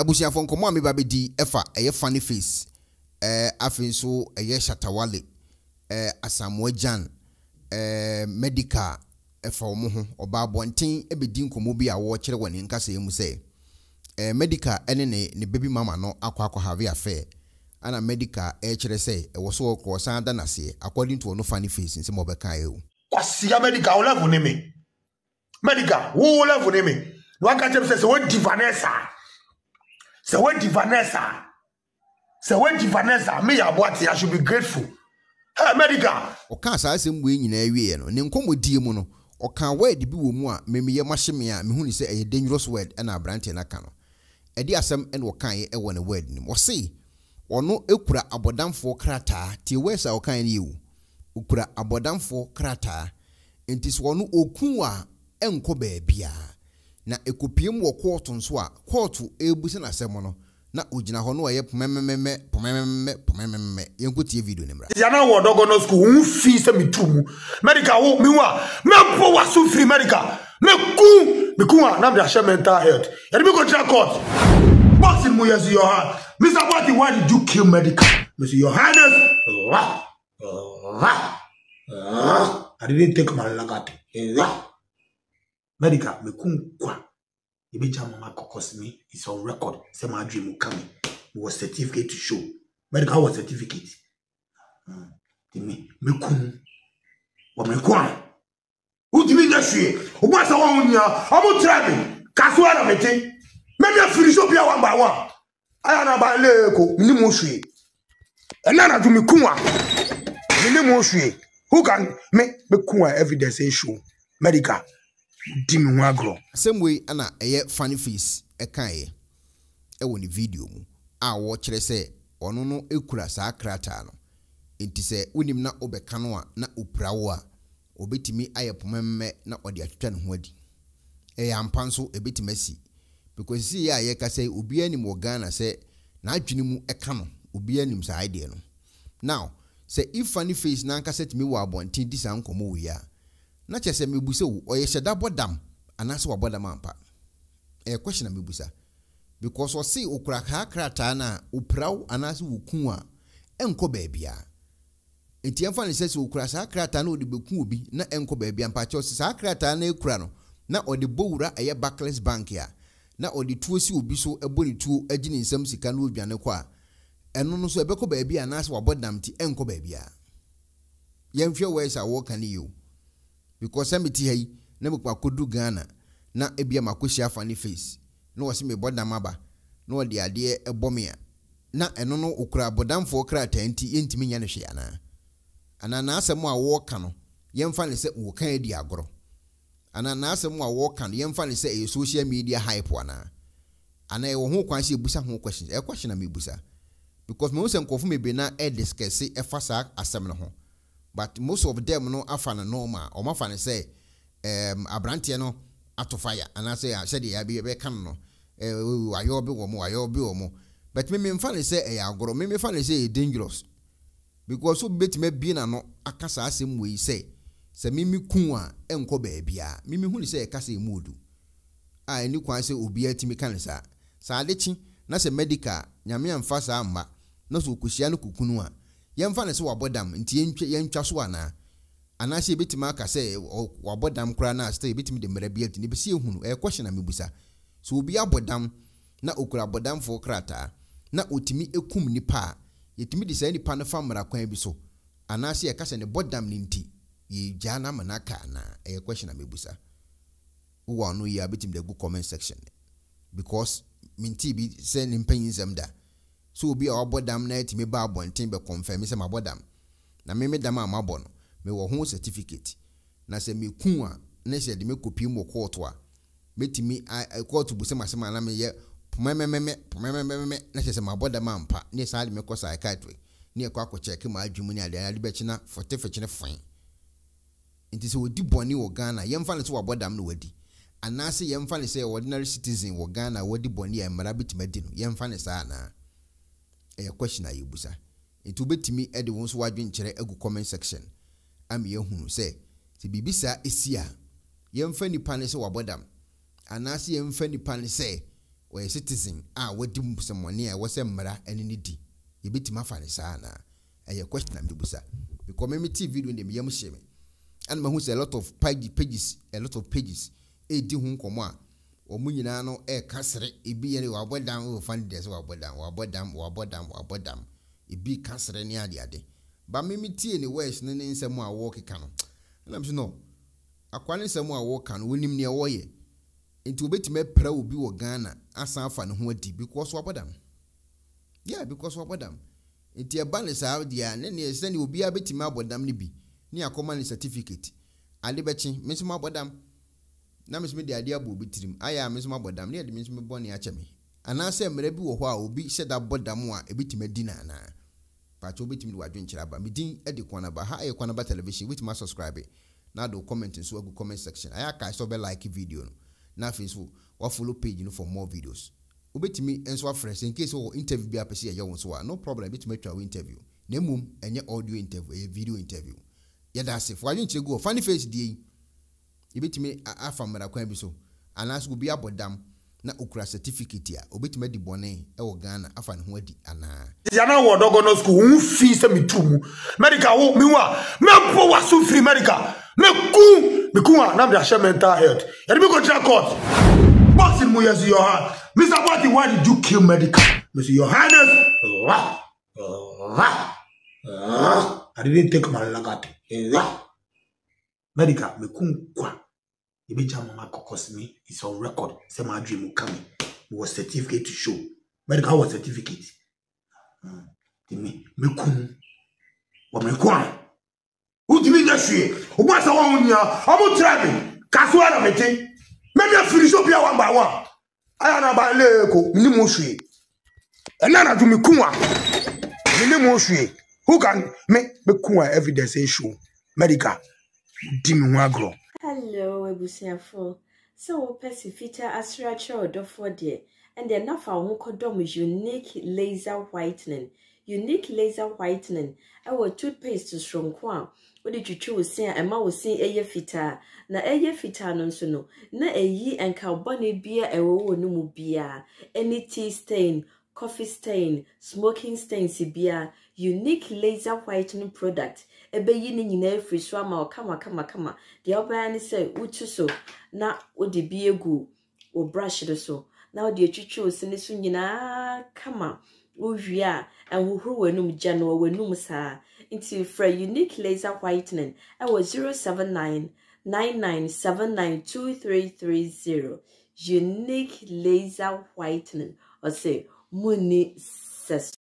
abusuafo nkɔmɔ a meba bɛdi ɛfa ɛyɛ funny face ɛɛ afei nso ɛyɛ shatawale ɛɛ asamoah jan ɛɛ medical ɛfa wɔn ho ɔbaa abɔnten ɛbɛdi nkɔmɔ bi a wɔrekyerɛ wɔ ne nkasa mu sɛ ɛɛ medical ɛne ne ne baby mama no akɔ akɔ have affair ɛna medical ɛrekyerɛ sɛ ɛwɔ so wɔkɔ san da n'aseɛ according to ɔno funny face nsɛm ɔbɛka yɛ o. kwasiya medical wo level ne mi medical wo level ne mi na waka kyerɛ sɛ sɛ di vanessa sɛ woadi vanessa sɛ woadi vanessa meyɛ aboate i should be grateful hey, medica ɔkaa saa asɛm wei nyinaa wieɛ no ne nkɔmmɔdie mu no ɔkaa word bi wɔ mu a memeyɛ mahye me a mehunu sɛ ɛyɛ dangerous word ɛna aberanteɛ no aka no ɛde asɛm ɛna ɔkaeɛ ɛwɔ ne word no mu ɔse ɔno kura abɔdamfoɔ krataa tie words a ɔkaeɛ no yɛwu ɔkura abɔdamfoɔ krataa enti sɛ ɔno ɔku a ɛnkɔ baabiaa na ekopiem wɔ kɔɔto nso a kɔɔto ebusa n'asɛm no na ogyina hɔ no ɔyɛ pɔmɛmɛmɛmɛ pɔmɛmɛmɛmɛ pɔmɛmɛmɛmɛ yɛn ko tie video ne mra. yàrá wọ dɔgɔ náà sukuu n fi sɛ tu mu mɛrika wo mi wa mɛ bɔ wa so firi mɛrika mɛ kun mi kun wa n'a bɛ ahyɛ mental health yɛrɛ mi ko tira court boxing mu yɛsi your hand mr bati why did you kill medical mr your ra ra ra i didn't take my lagate ra medical meku nkwa ebegya mama kɔkɔsini is on record sɛ maa dwe mu kame mewɔ certificate to show medical awɔ certificate hmm, tèmi meku wɔ meku ano wotumi nya hwie obu asa wɔn ho nyinaa ɔmo tira mi kaso ɛna mete mɛmi afiri so bia wɔn ba wɔn ayɛ na ba lee ko ni mo hwie ɛna na dwe meku a mi ni mo hwie e who can me meku a evidence show. medical. di me ho agorɔ same way ana ɛyɛ funny face ɛkaeɛ ɛwɔ ne video mu a wɔkyerɛ sɛ ɔno no ekura saa krataa no nti sɛ wonim na wobɛka no a na ɔpira wo a ɔbɛtumi ayɛ pomɛmmɛ na ɔde atwitwa ne ho adi ɛyɛ ampa nso ɛbɛtumi asi because yɛ a yɛka sɛ obiara nim wɔ ghana sɛ n'adwene mu ɛka no obiara nim saa ideɛ no now sɛ if funny face n'ankasa tumi wɔ abɔnten di saa nkɔmɔ wɔ yi a na kyerɛ sɛ mebusa wo ɔyɛ hyɛda bɔ anaasɛ wabɔ ampa ɛyɛ kwɛhyɛ na mebusa because ɔse okura kaa krataa no a opira wo anaasɛ wɔku a ɛnkɔ baabiaa nti ɛmfa ne sɛ sɛ okura saa krataa no ɔde bɛku obi na ɛnkɔ baabia mpakyɛ ɔse saa krataa no ɛkura no na ɔde bɔwura ɛyɛ backless bank a na ɔde tuo si obi so ɛbɔ ne tuo agye ne nsam sika no ɔdwane kɔ a ɛno no nso ɛbɛkɔ baabi a anaasɛ wabɔ dam nti ɛnkɔ baabiaa yɛnhwɛ wɔɛ sɛ wɔɔka ne yio because sɛ mete ha yi na mekɔ akɔdu ghana na ebia makɔhyia afa ne face na wɔse mebɔ dam aba na wɔde adeɛ ɛbɔ me a na ɛno no okura abɔdamfoɔ krataa nti yɛntumi nya no hwee anaa anaa n'asɛm a wɔreka no yɛmfa ne sɛ wɔka adi agorɔ anaa n'asɛm a wɔreka no yɛmfa ne sɛ ɛyɛ social media hype anaa anaa ɛwɔ ho kwan sɛ ebusa ho questions ɛyɛ question na mebusa because mehu sɛ nkurɔfo bebree na ɛdiscuss ɛfa saa asɛm no ho but most of them no afa no normal ɔmo afa no sɛ um, aberanteɛ no ato fire anaasɛ sɛdeɛ yɛabi bɛka no no uh, ayɔ bi wɔ mo ayɔ bi wɔ mo but mímí nfa ne sɛ ɛyɛ agorɔ mímí nfa ne sɛ ɛyɛ dangerous because obi betumi abie n'ano aka saa asɛm wɔ yi sɛ sɛ mímí kun a ɛnkɔ a mímí hu ne sɛ ɛka sɛ ɛmu odu a ɛni kwan sɛ obiara tumi ka ne saa saa adekyi na sɛ medical nyame nfa saa mma na sɛ okosia no kukunu a. yɛmfa no sɛ wabɔ dam nti yɛntwa so anaa anaasɛ yɛbɛtumi aka sɛ wabɔ dam koraa no asɛ yɛbɛtumi de mmara bi adi ne bɛsɛ ɛyɛ kɔhyɛ na mebusa sɛ obi abɔ dam na ɔkura abɔdamfoɔ krataa na ɔtumi kum nipa a yɛtumi de saa nipa no fa mmara kwan bi so anaasɛ yɛka sɛ ne bɔ dam no nti yɛgyaa no ama no anaa ɛyɛ kɔhyɛ na mebusa wowɔ ano yi a bɛtumi de agu comment section because minti bi sɛ ne mpanyinsɛm da so obi a wabɔ dam na ɛtumi ba abɔnten bɛ confirm sɛ mabɔ dam na meme dam a mabɔ no mewɔ ho certificate na sɛ meku a ne sɛ de me kopi mu wɔ kɔɔto a mɛtumi kɔɔto bu sɛ masɛm ana meyɛ pomɛmɛmɛmɛ pomɛmɛmɛmɛ na kyɛ sɛ mabɔ dam a ampa ne saa de mekɔ psychiatric ne ɛkɔ akɔkyɛke ma adwuma ne adeɛ ade bɛkyena fɔte fɛkyene fan nti sɛ wɔdi bɔne wɔ ghana yɛmfa no sɛ wɔabɔ dam no wadi anaasɛ yɛmfa no sɛ ordinary citizen wɔ ghana wɔdi bɔne a mmara bɛtumi di no yɛmfa no saa anaa ɛyɛ question a yɛbusa nti wobɛtumi de wɔn nso wadwenkyerɛ agu comment section ama yɛahunu sɛ sɛ biribi saa ɛsi a yɛmfa nipa no sɛ wabɔ dam anaasɛ yɛmfa nipa no sɛ ɔyɛ citizen a wadi nsɛmmɔne a ɛwɔ sɛ mmara ne ne di yɛbɛtumi afa no saa anaa ɛyɛ question a mebusa because meme te video de meyam hye me ɛna mahu sɛ a lot of pages a lot of pages ɛdi ho nkɔmmɔ a wɔn nyinaa no ɛreka sere ebi yɛ no wabɔ dam wɔfa no deɛ sɛ wabɔ dam wabɔ dam wabɔ dam wabɔ dam ebi ka sere ne adeade ba mimi tie ne wɛs ne ne nsɛm a wɔrekeka no ɛnam so no akwa ne nsɛm a wɔreka no wɔnim nea wɔyɛ nti wɔbɛtumi apra obi wɔ ghana asan afa ne ho adi because wabɔ dam yeah because wabɔ dam nti ɛba ne saa deɛ ne ne sɛdeɛ obiara bɛtumi abɔ dam no bi ne akɔma ne certificate ade bɛkye me nso dam na mesome de adeɛ abɔ obi tirim ayɛ a mesome abɔ dam ne yɛde mesome bɔne akyɛ me anaasɛ mmerɛ bi wɔ hɔ a obi hyɛ da bɔ dam a ɛbɛtumi adi no anaa pakyɛ wobɛtumi de wadwenkyerɛ aba medin de kwanaba ha yɛ kwanaba television wobɛtumi asubscribe na do comment nso agu comment section ayɛ akae sɛ wobɛlike video no na afei nso wafollow page no for more videos wobɛtumi nso afrɛ sɛ nkei sɛ wɔ interview bi apɛ sɛ yɛyɛ wo nso a no problem bɛtumi atwa wo interview na mmom ɛnyɛ audio interview ɛyɛ video interview yɛda ase fo adwenkyerɛ gu hɔ funny face deɛ yi yɛbɛtumi afa mmarakwan bi so anaasɛ obi abɔ dam na okura certificate a obetumi adi bɔne ɛwɔ ghana afa ne ho adi anaa. yana wɔ dɔgɔnɔ sukuu n fi sɛ mi tu mu medical wo mi wa mɛ bɔ wa so firi medical mɛ kun mi kun wa n'a bɛ ahyɛ mental health yɛrɛ mi ko tira court box mu yɛ si yɔ ha mr bati why did you kill medical mr yohannes ra ra ra i didn't take my lagate ra medical meku nkwa ebɛgya mama me. is on record sɛ my dream, ka me was certificate to show medical was certificate nti hmm. me me meku wɔ meko a wotumi nya hwee wobɔ sɛ wɔho nyinaa ɔmotrɛ me kasoa na mete mɛmi afiri so bia one by one ayɛ na ba leeko menim wo hwee ɛna me meku a menim wo hwee who can me meku a evidence e show. medical di me ho agorɔ hello abusuafoɔ sɛ wopɛ si fitaa asorɛkyerɛ ɔdɔfoɔ deɛ ɛndeɛ na fa wo ho kɔdɔm unique laser whitening unique laser whitening ɛwɔ toothpaste soronko a wode twitwi wo sen a ɛma wo sen ɛyɛ fitaa na ɛyɛ fitaa no nso no na ɛyi nkabɔne bia ɛwɔ wɔ no mu biara ɛne tea stain coffee stain smoking stains biara unique laser whitening product ɛbɛyi ne nyinaa afiri so ama ɔkama kama kama deɛ ɔbɛyɛ ne sɛ wotu so na wode bi egu o brush no so na wode atwitwi wo sene so nyinaa kama wowie a ɛhohoro w'anum gya no w'anum sa. nti frɛ unique laser whitening ɛwɔ 079 99792330 unique laser whitening ɔsɛ mu ni sɛso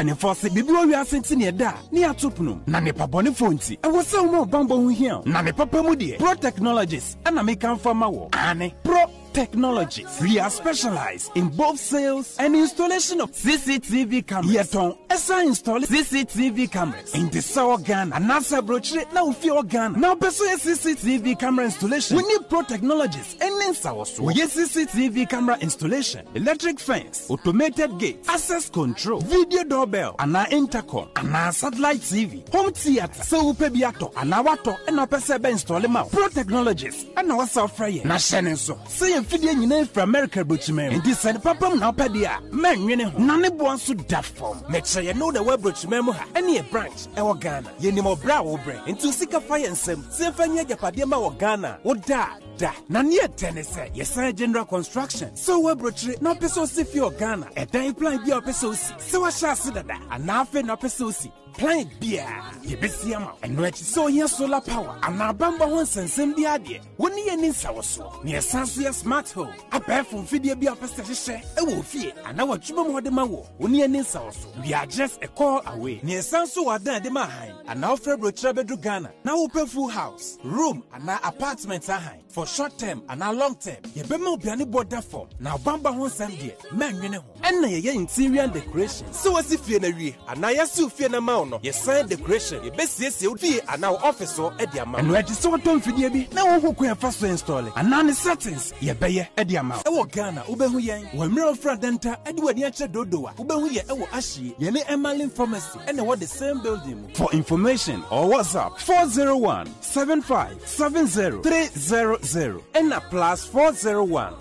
mpanimfoɔ se biribi wɔ wiase nti ne ɛda a ne ato pono na nipa bɔnefoɔ nti ɛwɔ sɛ woma ɔbammɔ ho hia na ne papa mu deɛ pro technologies ɛna mekamfa ma wɔ ane pro technologies we are specialized in both sales and installation of cctv cameras yɛtɔn ɛsan install cctv cameras ɛnti sɛ wɔ ghana anaasɛ aburokyire na wofie wɔ ghana na wopɛ so yɛ cctv camera installation we need pro technologies ɛne nsawosoɔ wɔyɛ cctv camera installation electric fence automated gate access control video doorbell anaa intercom anaa satellite tv home theatre sɛ wopɛ bi atɔ anaa woatɔ ɛna wopɛ sɛ ɛbɛ install ma wo pro technologies ɛna wɔsa wofrɛ yɛn na hyɛ ne nso sɛ yɛ mfidie nyinaa firi america aburokyima mu ɛnti sɛ ne papam na wopɛ deɛ a mɛnwene ho na ne boɔ nso da fam mekyerɛ hwɛ yɛno na ɛwɔ aburokyiman mu ha ɛne yɛ branch ɛwɔ ghana yɛnim ɔbrɛ a wɔbrɛ nti sika fa yɛ nsɛm tiɛfa nyɛ agyapadeɛ ma wɔ ghana woda a da na ne yɛdɛ ne sɛ yɛsan general construction sɛ wowɔ aburokyire na ɔpɛ sɛ osi fie wɔ ghana ɛdan plan bi a ɔpɛ sɛ osi sɛ wahyɛ ase dada anaa afei na ɔpɛ sɛ osi plan biara yɛbɛsi ama wo ɛno akyi sɛ ohia solar power anaa bambɔ ho nsɛnsɛm bi adeɛ wo ne yɛni nsawo soɔ ne yɛsan so yɛ smart home abɛɛfo mfidie bi a ɔpɛ sɛ hyehyɛ ɛwɔ ofie anaa wɔadwuma mu hɔde ma wɔ wo ne yɛni nsawo so we are just a call away ne yɛsan so wɔ adan ade ma ahan anaa wofrɛ aburokyire bɛdu ghana na wopɛ full house room anaa apartment ahan for short term and our long term yɛbɛma obiane bɔ da fam na abamba ho nsɛm deɛ mɛnwene ho ɛnna yɛyɛ interior decoration sɛ wasi fie no awie anaa yɛasiw fie no ma wo no yɛsan decoration yɛbɛsiesie wo fie anaa wo ɔfice so de ama ɛno ɛgye sɛ wɔtɔ mfidie bi na woho kwan ɛfa so installe anaa ne settings yɛbɛyɛ de ama wo ɛwɔ ghana wobɛhu yɛn wɔ mmerɛ ɔfra dɛnta de w'ani akyerɛ dodo a wobɛhu yɛ ɛwɔ ahyie yɛne ɛmalin pharmacy ɛna ɛwɔ the same building for information or whatsapp 401 75 70 300 and a plus 401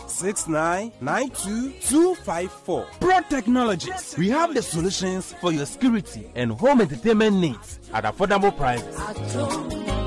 Pro Technologies, we have the solutions for your security and home entertainment needs at affordable prices.